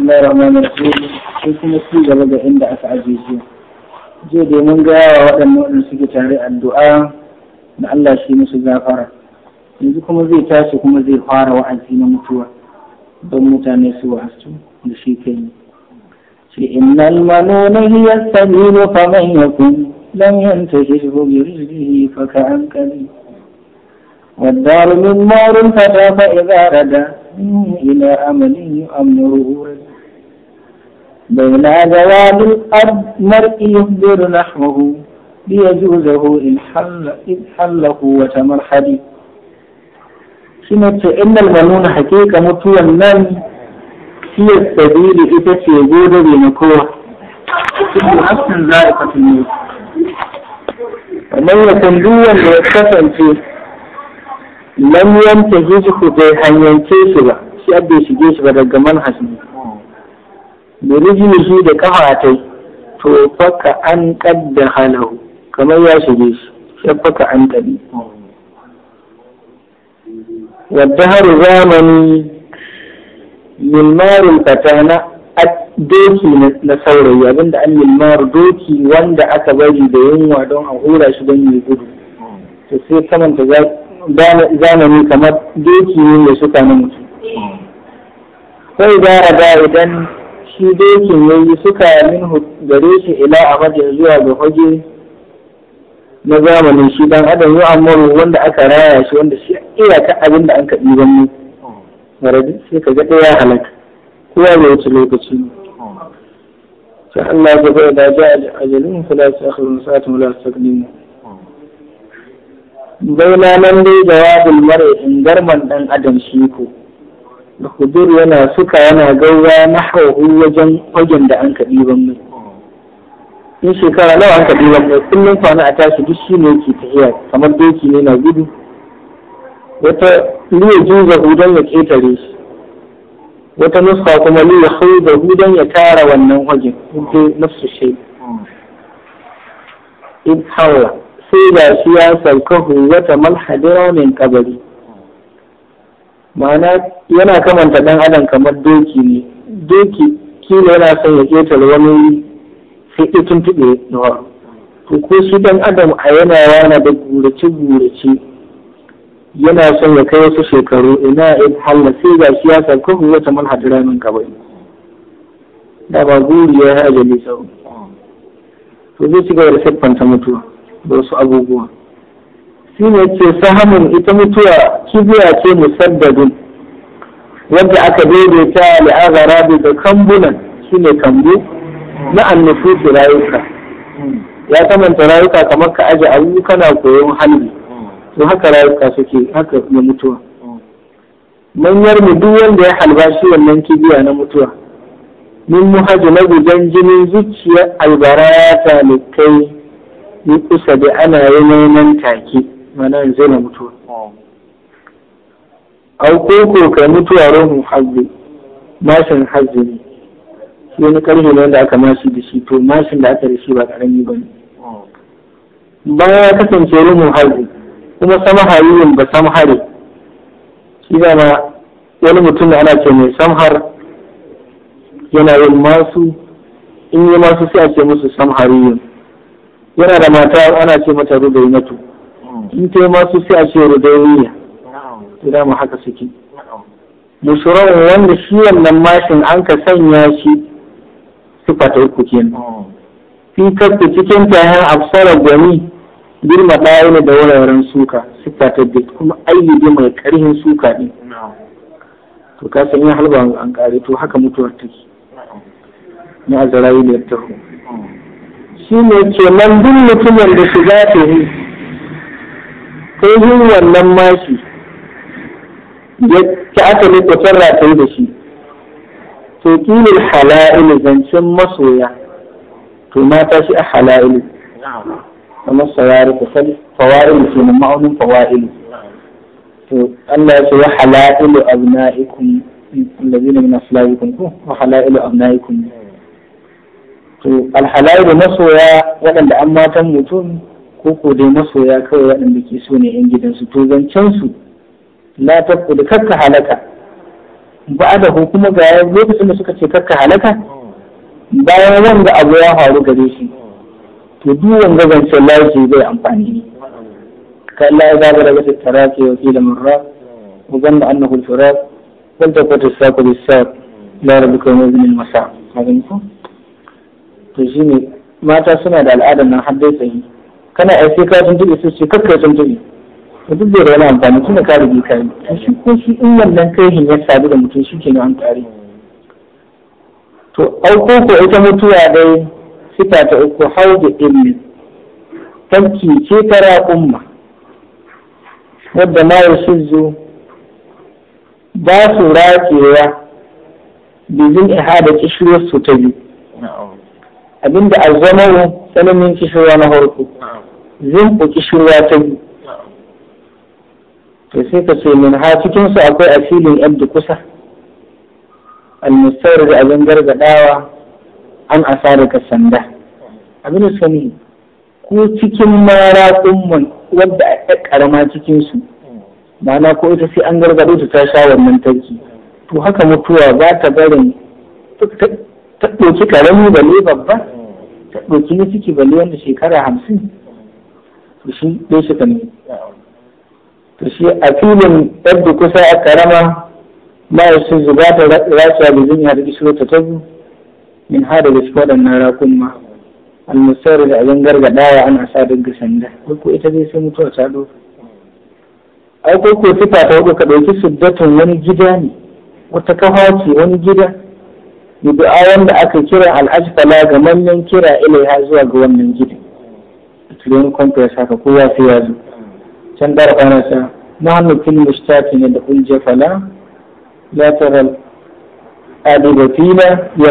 bismillahir rahmanir rahim sai kuma ci gaba da inda aka ajiye. shi jiya da mun ga waɗannan waɗanda suke tare addu'a da Allah shi musu gafara yanzu kuma zai tashi kuma zai fara wa'azi na mutuwa don mutane su wasu da shi kai ce innal manuna hiya sabilu faman yakun lam yantahi bi rizqihi fa ka'an qalil والدار من نار الفتى فإذا ردى إلى أمل يؤمره بين زوال الأرض مرئي ينذر نحوه ليجوزه إن حل إن حل قوة شنو إن الغنون حقيقة متوى النام هي السبيل إذا في جودة بنكوة في أحسن ذائقة الموت ومن يكون دوا ليتفل فيه لم ينتهي جهده أن ينتهي سبا في أبي سجيس بدأ جمال حسنين da rijiyoyi da kafatai to faka an kadda halahu kamar ya shige shi sai faka an kadi wadda har zamani milmarin fatana a doki na saurayi abinda an milmar doki wanda aka bari da yunwa don a hura shi don yi gudu to sai kamanta zamani kamar doki ne ya suka na mutu sai gara idan shi dokin yayi suka min gare shi ila a maje zuwa ga hoje na zamanin shi dan adam ya amuru wanda aka raya shi wanda shi iyaka abin da an kaɗi, ban mu maradi sai ka ga ɗaya halaka kowa da wuce lokaci ne sai Allah ya gaba da ja ajalin fa la ta'khudhu sa'atun la taqdimu Zai nan dai jawabul mar'i in garman dan adam shi ko hudur yana suka yana gaura na hauhu wajen wajen da an kaɗi ban mai in shekara nawa an kaɗi ban mai kullum kwana a tashi duk shi ne ke tafiya kamar doki ne na gudu wata liya juza hudan ya ƙetare shi wata nuska kuma liya da hudan ya tara wannan wajen hudu nafsu shi in hawa sai da shi ya sauka wata malhadira min kabari ma'ana yana kamanta dan adam kamar doki ne doki kila yana son ya ketare wani sai ya tuntuɓe da to ko su dan adam a yana yana da gurace-gurace yana son ya kai wasu shekaru ina in halla sai ga shi ya sauka wata man hadira min ka da ba guri ya ajali sau to zai ci gaba da siffanta mutuwa da wasu abubuwa shine ke sahamun ita mutuwa kibiya ce musaddadin Wanda aka daidaita ta da kambunan shine kambu na annufusu rayuka ya kamanta rayuka kamar ka aje abu kana koyon halbi to haka rayuka suke haka na mutuwa manyar mu duk wanda ya halba shi wannan kibiya na mutuwa min muhaju na gudan jinin zuciyar albara ya kai ni kusa da ana yi neman take mana zai na mutu. au koko ka a rohun hajji, mashin hajji ne shi wani karfe ne wanda aka mashi da shi to mashin da aka rishi ba karami ba ne bayan ya kasance rohun hajji, kuma sama hariyin ba sam hare shi ma wani mutum da ana ce mai samhar yana yin masu in yi masu sai a ce musu samhariyin yana da mata ana ce mata rubainatu in ta masu sai a ce rudaniya da mu haka suke musuran wanda shi wannan mashin an ka sanya shi Su fata uku fi kafa cikin tayan afsara gwani girma ɗaya ne da wuraren suka Su fata da kuma ayyubi mai ƙarfin suka ne to ka san yin halba an ƙare to haka mutuwar ta ke. na zarayi da ya taho shi ne ke nan duk mutumin da shiga ta yi tsohon wannan mashi ya ci asalin da shi to kilin hala'il zancen masoya to mata shi a hala'il kamar ta fawa'il ke nan ma'aunin fawa'il to Allah ya ce wa abna'ikum allazina min aslabikum ko wa abna'ikum to alhala'il masoya waɗanda an matan mutum ko ko dai masoya kawai waɗanda ke so ne 'yan gidansu to zancen su la tabqu da kakka halaka ba da ko kuma ga lokacin da suka ce kakka halaka bayan wanda abu ya faru gare shi to duk wanda zancen laji bai amfani ne Allah ya zaba daga tattara ke wakilin murra وظن أنه الفراق والتقوت الساق بالساق لا ربك ومزن المساء هذا نفهم to shine mata suna da al'adar nan har dai sai kana ai sai ka tuntuɓe su ce kakkai tuntuɓe to duk da wani amfani tun da ka bai ka yi to shi ko shi in wannan kaihin ya sadu da mutum shi ke an tare to auko ko ita mutuwa dai sifa ta uku hau da ilmi Tanki ce tara umma wadda mayar ya zo. ba su rakewa bizin ihada kishiyar su ta biyu abinda azzamaru tsananin kishirwa na harko zinku kishirwa ta biyu to sai ka ce min ha cikinsu akwai asilin yadda kusa almustar da abin gargadawa an asara ka sanda abin da sani ko cikin mara kumman wadda a ƙarama cikinsu ma'ana ko ita sai an gargado ta ta sha wannan tarki to haka mutuwa za ta barin ta ɗauki ba balle babba ta ɗauki na ciki balle wanda shekara hamsin to shi ɗaya shi ne to shi a filin ɗabda kusa a ƙarama. ya ma'aikacin zuba ta rasuwa da zunya da kishiro ta tabu min hada da shi waɗannan rakun ma almusar da abin gargaɗawa ana sa daga sanda ko ita zai sai mutuwa ta ɗauka ai ko ko ta hudu ka ɗauki suddatun wani gida ne wata kafa ce wani gida bi du'a wanda aka kira al-asfala ga manyan kira ilaiha zuwa ga wannan gida turin kwanta saka kowa sai ya zo can dara kwana sa muhammad bin mushtaqi ne da kunje fala la taral adiba fila da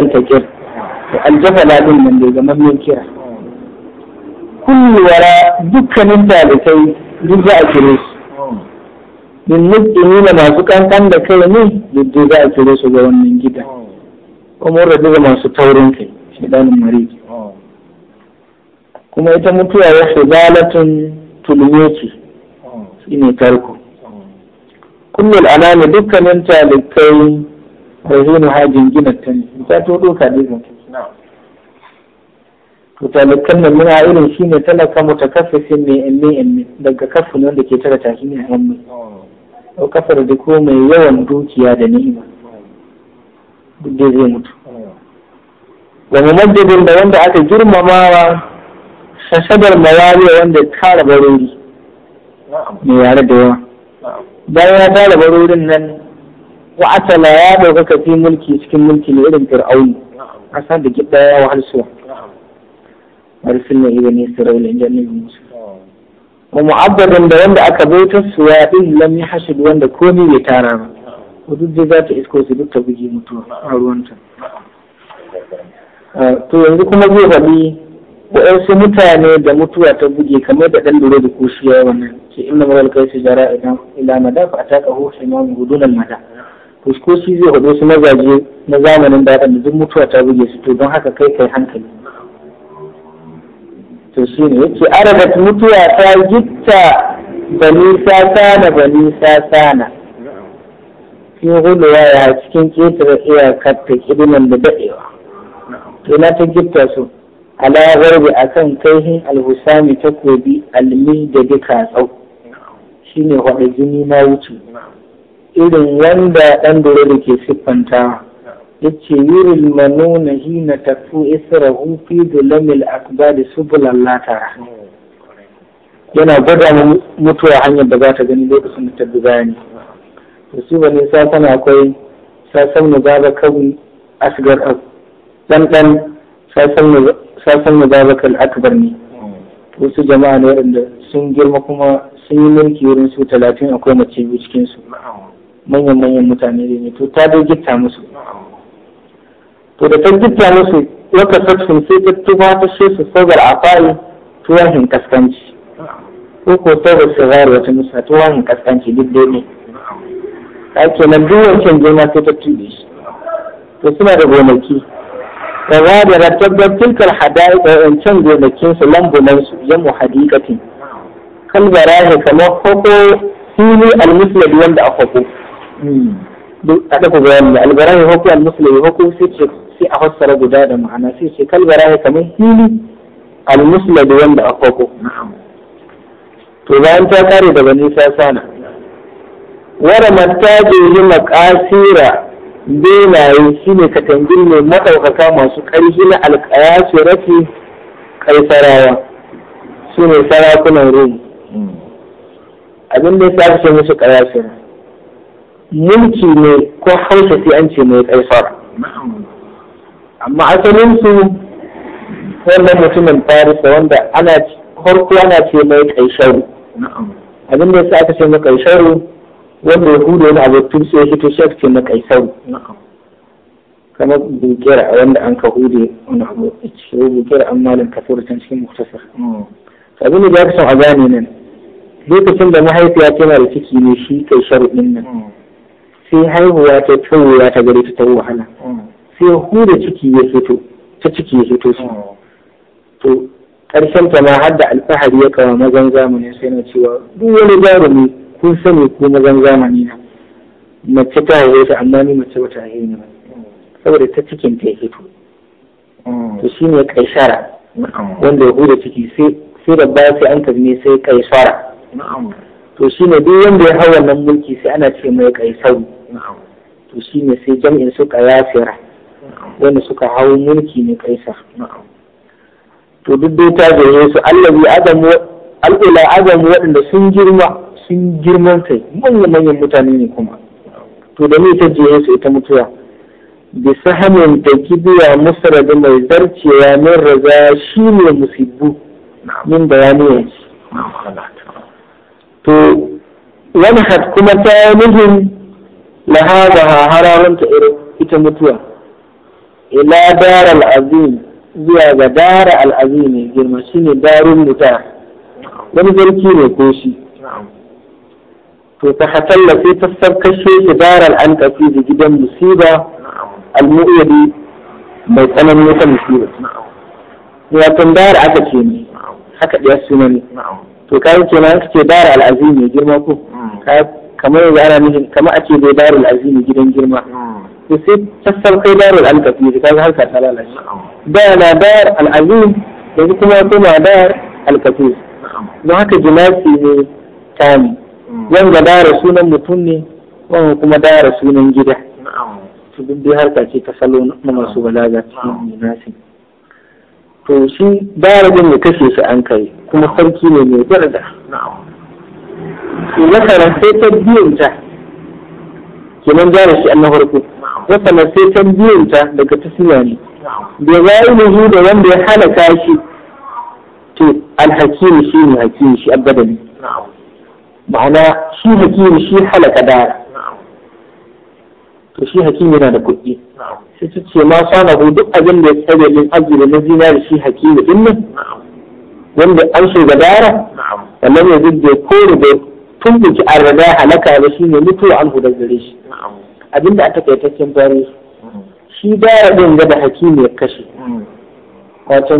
al-jafala din nan da ga manyan kira kullu wara dukkanin dalibai duk za a kire su min nuna masu kankan da kai ne duk za a kire su ga wannan gidan kuma rabu ga masu taurin kai shaidanin mariki kuma ita mutuwa ya shigalatun tuluye ce shi ne tarko kullum alami dukkanin talikai rahinu hajin gina ta ne ta to doka dizin to talikan nan muna irin shi ne talaka mutakaffifin ne emme emme daga kafin wanda ke tara tashi ne a yamma kafar da ko mai yawan dukiya da ni'ima duk zai mutu wa mumajjadin da wanda aka girmamawa shashadar mawariya wanda tara barori mai yare da yawa bayan ya tara barorin nan wa atala ya ɗaukaka fi mulki cikin mulki ne irin fir'auni ƙasa da gida ya wahal suwa warsin na iya ne su raunin jannin musu wa mu'abbadin da wanda aka bautar suwa ɗin lam ya hashidu wanda komai ya tara ba ko duk dai za ta isko su duk ta buge mutu a ruwanta ah, to yanzu kuma zai faɗi waɗansu mutane da mutuwa ta buge kamar da ɗan lura da kushiya wannan ke inda mawal kai su jara idan ila dafa a taka hoshi ma wani gudunan mada to zai faɗo su mazaje na zamanin da da duk mutuwa ta buge su to don haka kai kai hankali to shi ne yake arabat mutuwa ta gitta bani sasana bani sasana cikin huluwa ya cikin ƙetare iyakar ta ƙidiman da daɗewa to na ta gifta su ala garbi a kan kaihin alhusami takobi almi da duka tsau shi ne waɗa jini na wuce irin wanda ɗan dore da ke siffantawa ya ce yurin tafi tafi tafu isra'u da lamil akbari subulan latara yana gwada mutuwa hanyar da za ta gani lokacin da ta bi bayani musiba ne safan akwai sasan mu gaba kabi asgar abu dan dan sasan mu gaba kan akbar ne wasu jama'a ne wanda sun girma kuma sun yi mulki wurin su talatin akwai mace biyu cikin su manyan manyan mutane ne to ta dai gitta musu to da ta gitta musu wata sassun sai ta tuba ta shi su sabar a fayi tuwahin kaskanci ko ko sabar sigari wata musa tuwahin kaskanci duk dai ne ake nan duk wancan gona sai ta shi to suna da gonaki da da tabbar tilkar hadari da wancan gonakin su lambunan su yamu hadikatin kalbara ne kamar hoko fili almusulabi wanda a hoko a ɗaga bayani da albara ne hoko almusulabi hoko sai ce sai a fassara guda da ma'ana sai ce kalbara ne kamar fili almusulabi wanda a hoko to bayan ta kare daga nisa sana wara mata yi makasira benaye shi ne katangin mai maɗaukaka masu ƙarfi na su rafi ƙaisarawa su ne sarakunan rumu abin da ya ce musu ƙayasu mulki ne ko hausa sai an ce mai ƙaisara amma asalinsu wannan mutumin farisa wanda ana farko ana ce mai ƙaisharu abin da ya sa aka ce mai ƙaisharu wanda yahudu wani abu tun sai shi tun shafi na kaisaru kamar a wanda an ka hude wani abu ce bukera an malin kafir can cikin muktasar abin da ya son a gane nan lokacin da mahaifiya tana da ciki ne shi kai sharuɗin nan sai haihuwa ta tawuya ta gare ta tawo wahala sai huda ciki ya fito ta ciki ya fito su to ƙarshen ta ma har da alfahari ya kawo mazan zamanin sai na cewa duk wani jarumi kun sani ko mazan zamani na mace ta yi ta amma ni mace bata yi ne saboda ta cikin ta fito to shi ne kaisara wanda ya hura ciki sai da ba sai an tarni sai kaisara to shi ne duk wanda ya hau wannan mulki sai ana ce mai kaisaru to shi ne sai jam'in suka yafira wanda suka hau mulki ne kaisar to duk dai ta gare su allabi adamu al'ula waɗanda sun girma sun girman kai manya-manyan mutane ne kuma to da ne ta jiye su ita mutuwa bi sahamin da kibiya da mai ya min raza shi ne musibbu min bayaniyan to wani had kuma ta yi nufin lahaza hararanta ita mutuwa ila dara azim zuwa ga dara al'azim ne girma shi ne darin mutuwa wani zarki ne ko shi تتحتلقي تفسر كشي كدارا عن تأكيد جدا مصيبة المؤيدي بيطانا ميتا مصيبة نعم ويأتن دار عكتين حكا دي السنان نعم تكاين كما أكتي دار العزيم جرمكو كاب كما يجعل نجم كما أكيد دار العزيمة جدا جرمك تسيب تفسر كي دار الأنتفيد كاب هل كتلا دار دار العزيم يجب كما يكون دار الكتوز نعم وهكذا جمال في تاني نعم wanga dara sunan mutum ne wanda kuma dara sunan gida to duk dai harka ce ta salo na masu balaga nasi to shi dara din da kashe su an kai kuma sarki ne mai daraja to masana sai ta biyanta kenan jara shi an na farko masana sai ta biyanta daga siya ne da yi da wanda ya halaka shi to alhakim shi ne hakim shi abadani ma'ana shi hakimi shi halaka da to shi hakimi yana da kuɗi sai ta ce ma sanahu duk abin da ya tsare min azumi na zinari shi hakimi din nan wanda an shiga dara wannan ya zubbe ko da tumbuki an rada halaka da shi ne mutuwa an hudar gare shi abinda a takaitaccen bari shi dara din ga da hakimi ya kashe wato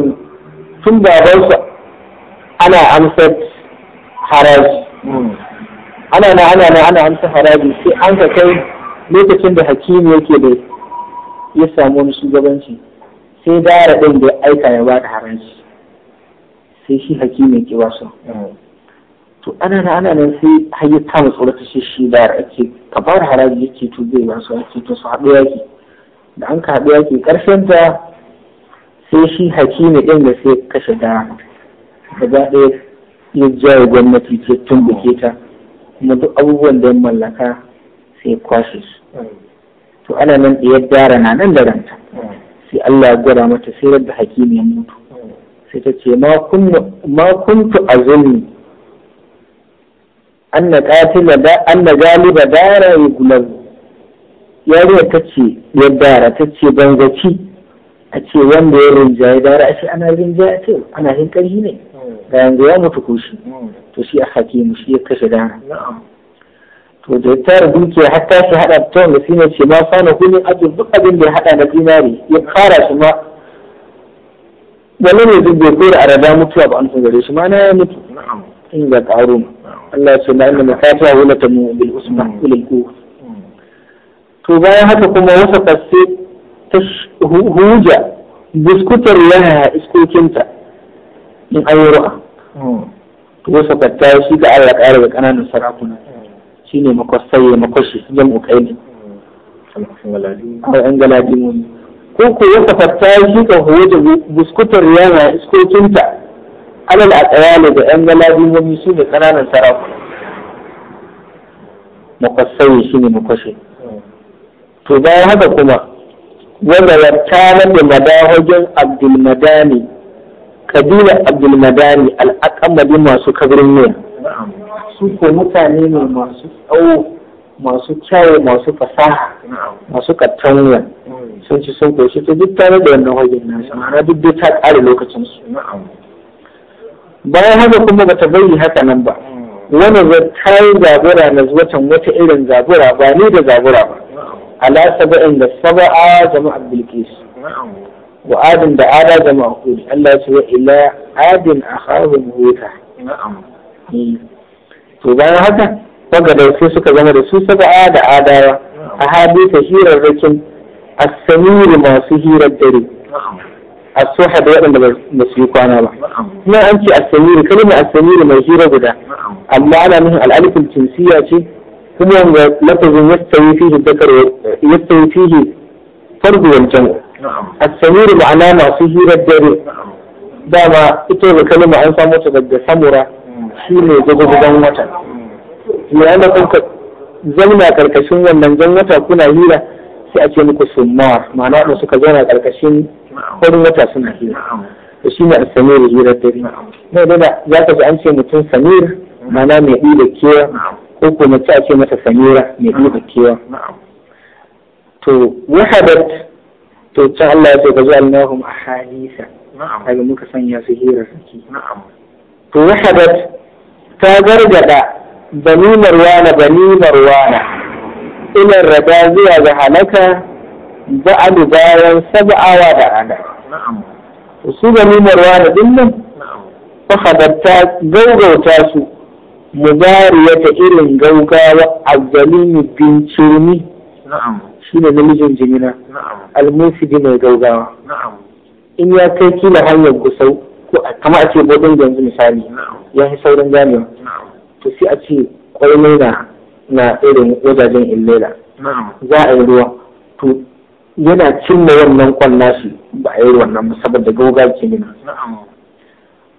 tun babansa ana amsar haraji ana na ana na ana amsa haraji sai an ka kai lokacin da hakimi yake da ya samu wani shugabanci sai dara ɗin da aika ya ba da haranci sai shi hakimi yake ba su to ana na ana nan sai har ya kama tsorata shi shi dara ake ka ba da haraji yake to zai ba su ake to su haɗu yaki da an ka haɗu yaki ƙarshen ta sai shi hakimi ɗin da sai kashe dara gaba ɗaya ya jawo gwamnati ta tumbuke ta kuma duk abubuwan da ya mallaka sai kwashe su to ana nan da ya na nan da ranta sai Allah ya gwada mata sai da hakimi ya mutu sai ta ce ma kuntu azumi anna qatila da anna galiba dara ya yariya ta ce ya dara ta ce banzaci a ce wanda ya rinjaye dara a ce ana rinjaye ce ana hin ne لأن جوا متكوش تسي أخاكي مسي كسر أنا تودتار بيك حتى شهر أبتون لسينة سما صان وكل أجل بقد اللي حتى نتيناري يبخارا سما ولن يزيد بيقول أرادا متواب أنه قالوا سما أنا متو نعم إنك عروم نعم. نعم. الله سمع أن مكافة ولا تنوع بالأسمة ولا الكوف تبايا هكا كما وصف السيد تش هوجا بسكوتر لها اسكوتنتا من أي رؤى to wasu fatta shi ga Allah ƙara da ƙananan sarakuna shi ne ya makwashi jam'u kai ne an galadi mun ko ko wasu fatta shi ga hawa da buskutar yana iskokinta alal a tsayale da yan galadi mun su ne ƙananan sarakuna makwasaye shi ne makwashi to bayan haka kuma wanda ya tana da madahajen abdulmadani kabilar abdulmadari al'akamali masu kabirin ne su ko mutane ne masu tsawo masu kyawu masu fasaha masu kattanwa mm. sun ci sun koshi ta duk tare da wannan hajjin nasu ma'ana duk dai ta ƙare lokacinsu bayan haka kuma bata bayi haka nan ba mm. wani zai ta zabura na watan wata irin zabura ba ni da zabura ba ala saba'in da saba'a jama'a bilkis وآدم ده آلا ده معقول ألا سوى إلا آدم أخاه مهيثة تبعي هذا وقد رسوسك زمن رسوسك آد آد آد أهابي تهير الرجم السمير ما سهير الدري الصوحة ده يقول مسيوك أنا لا ما أنت السمير كلمة السمير ما هير قدا أما أنا منه الألف التنسية هو لفظ يستوي فيه الذكر يستوي فيه فرض والجمع as ma'ana masu hirar dare dama ita da kalma an samu ta daga samura mm. shi ne gwagwagwan mm. zauna karkashin wannan jan wata kuna hira sai a ce muku summar ma'ana da suka zauna karkashin farin wata suna hira to shi ne as-samir hirar dare ne da za ka ji an ce mutum samir Mana mm. mai ɗi da kewa ko ko mace a ce mata samira mai ɗi da kewa to to can Allah ya ce ka ji Allahum hadisa daga muka sanya su hira saki to wahadat ta gargada bani marwana bani marwana ila rada zuwa ga halaka ba'adu bayan sab'awa da ana su bani marwana din nan wahadat ta gaugauta su mubariyata irin gaugawa azzalimi bin na'am shi ne namijin jimina almusidi mai gaugawa in ya kai kila hanyar gusau ko kama a ce bodin yanzu misali ya fi saurin jami'a to sai a ce kwarai na na irin wajajen illela za a yi ruwa to yana cimma wannan kwan shi ba a yi wannan ba saboda gauga jimina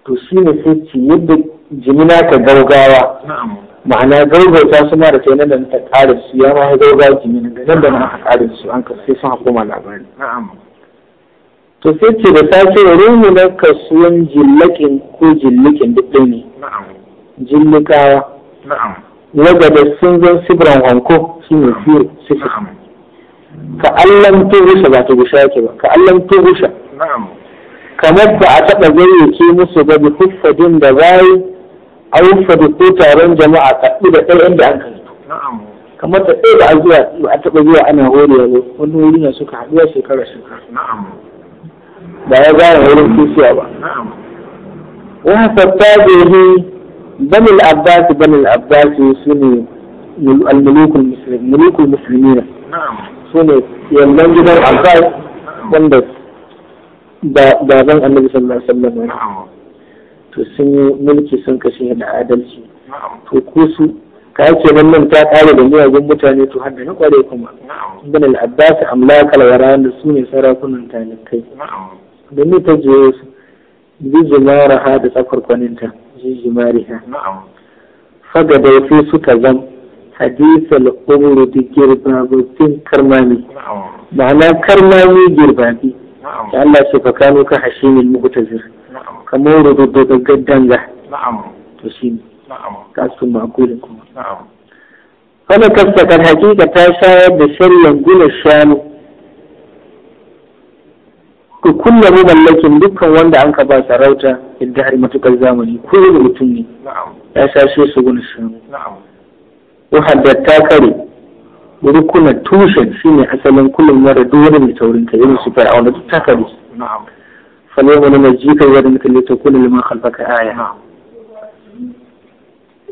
to shi ne sai ce yadda jimina ka gaugawa ma'ana gaugauta su mara kai nan ta ƙara su ya ma gauga jini nan da nan aka ƙara su an ka sai sun hakoma labari to sai ce da sace rumu na kasuwan jillakin ko jillakin duk ɗin ne jillikawa wadda da sun zan sibiran hanko shi ne fiye sifi ka allan tugusha ba gusha yake ba ka allan tugusha kamar ba a taɓa gayyace musu ba bi huffadin da bayi yi da ko taron jama'a kaɗu da ɗaya inda an kai kamar ta ɗaya da an zuwa a taɓa zuwa ana hori ne wani wuri na suka haɗuwa shekara shekara ba ya gane wurin kusiya ba wa hasatta bihi bani al-abbas bani al-abbas sune al-mulukul muslimin mulukul muslimin sune yallan gidan abbas wanda zan annabi sallallahu alaihi wasallam to sun yi mulki sun kashe da adalci to ko su ka yake nan nan ta kare da miyagun mutane to har na kware kuma ibn al-abbas amlakal waran su ne sarakunan talikai da ni ta je su jijimara ha da tsakwarkwaninta ha faga da fi suka zam hadisa al'umru da girbababbin karmami ma'ana karmami girbabi Ya Allah shi fakanu ka hashimin mu'tazir kamar rubutu gaggaddan ga na'am to shi ne na'am kasu makulin kuma na'am wani kastakar hakika ta shayar da shiryan gula shanu ku kulle mamallakin dukkan wanda an ka ba sarauta yadda har matukar zamani ko da mutum ne ya sashe su gudun shanu wahadda ta kare rukunan tushen shine asalin kullum mara dole mai su فاليوم ننجيك ببدنك لتكون لمن خلفك آية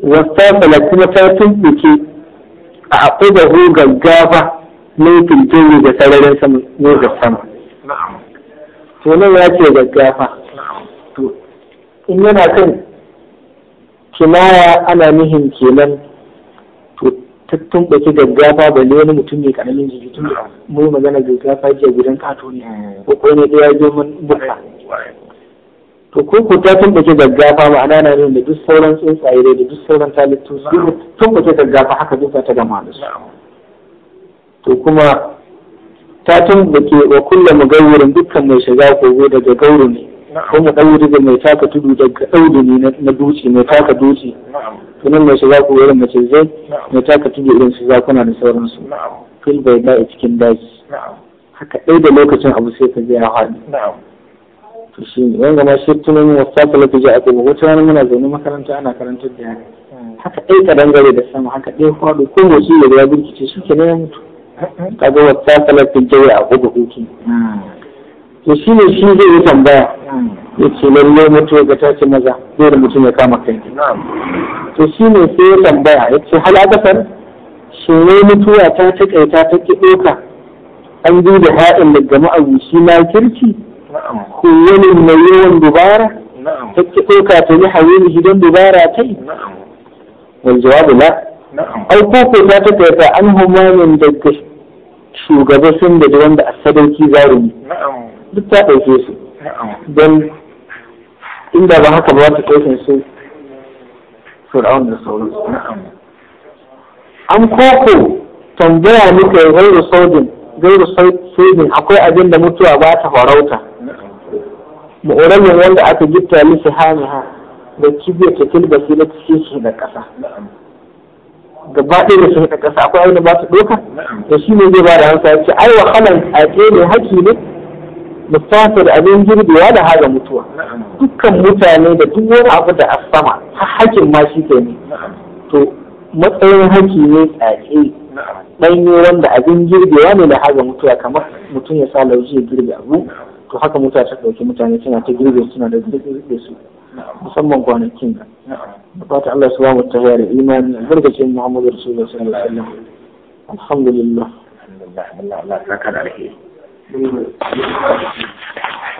واستاصل كما تاتم بكي أعقبه ميت الجن بسرر سم نور السماء نعم تقول يا شيخ gaggafa نعم إن أنا كنت kinaya ana nihin kenan to tattun baki gaggafa balle wani mutum ne karamin jiki tun mu magana gaggafa jiya gidan kato ne ko ne da ya je mun buka to ko ku ta tumbace gaggafa ma'ana na ne da duk sauran tsuntsaye da duk sauran talittu su tumbace gaggafa haka duka ta gama da su to kuma ta tumbace wa kullum mugawurin dukkan mai shiga kogo daga gauru ne ko mu dauri da mai taka tudu daga daudu ne na duci mai taka duci to nan mai shiga kogo da mace zai mai taka tudu irin su zakuna da sauransu fil bai da cikin daji haka ɗaya da lokacin abu sai ka je ya haɗu shi wanga ma shi tunan wasu wasafa lafi ja ake ba wata wani muna zaune makaranta ana karantar da yara haka ɗaya ka dangare da sama haka ɗaya faɗo ko motsi da ya birkice shi ke ya mutu kaga wasafa lafi ja a kudu hutu to shi ne shi zai yi tambaya ya ce lallai mutu ga tace maza da mutum ya kama kai to shi ne sai ya tambaya ya ce hal akasar shi ne mutuwa ta taƙaita ta ƙi ɗoka an duba ha'in daga ma'abuci na kirki ko wani mai yawan dubara ta ki ɗauka ta yi hawili gidan dubara ta yi wani jawabu na ai ko ko ta ta tafi an humanin daga shugaba sun da wanda a sadauki zarumi duk ta ɗauke su don inda ba haka ba ta ɗauke su fir'aun da sauransu an koko tambaya muka yi gairu saudin gairu sojin akwai abin da mutuwa ba ta farauta mu'uramin wanda aka gifta lisa ha, da kibiyar ta kilba sai da cikin shi da ƙasa gaba ɗaya da su da ƙasa akwai abin da ba su ɗauka da shi ne zai ba da hansa ya ce ai wahalan ake ne haƙi ne musafir abin girbewa da haga mutuwa dukkan mutane da duk wani abu da a sama haƙin ma shi ne to matsayin haƙi ne tsaki ɗanye wanda abin girbewa ne da haga mutuwa kamar mutum ya sa lauje ya girbe abu to haka mutuwa ta ɗauki mutane suna ta girbe suna da girbe su musamman kwanakin da fata Allah su ba mu ta da imani albarkacin Muhammadu Rasulullah sallallahu alaihi wasallam alhamdulillah alhamdulillah alheri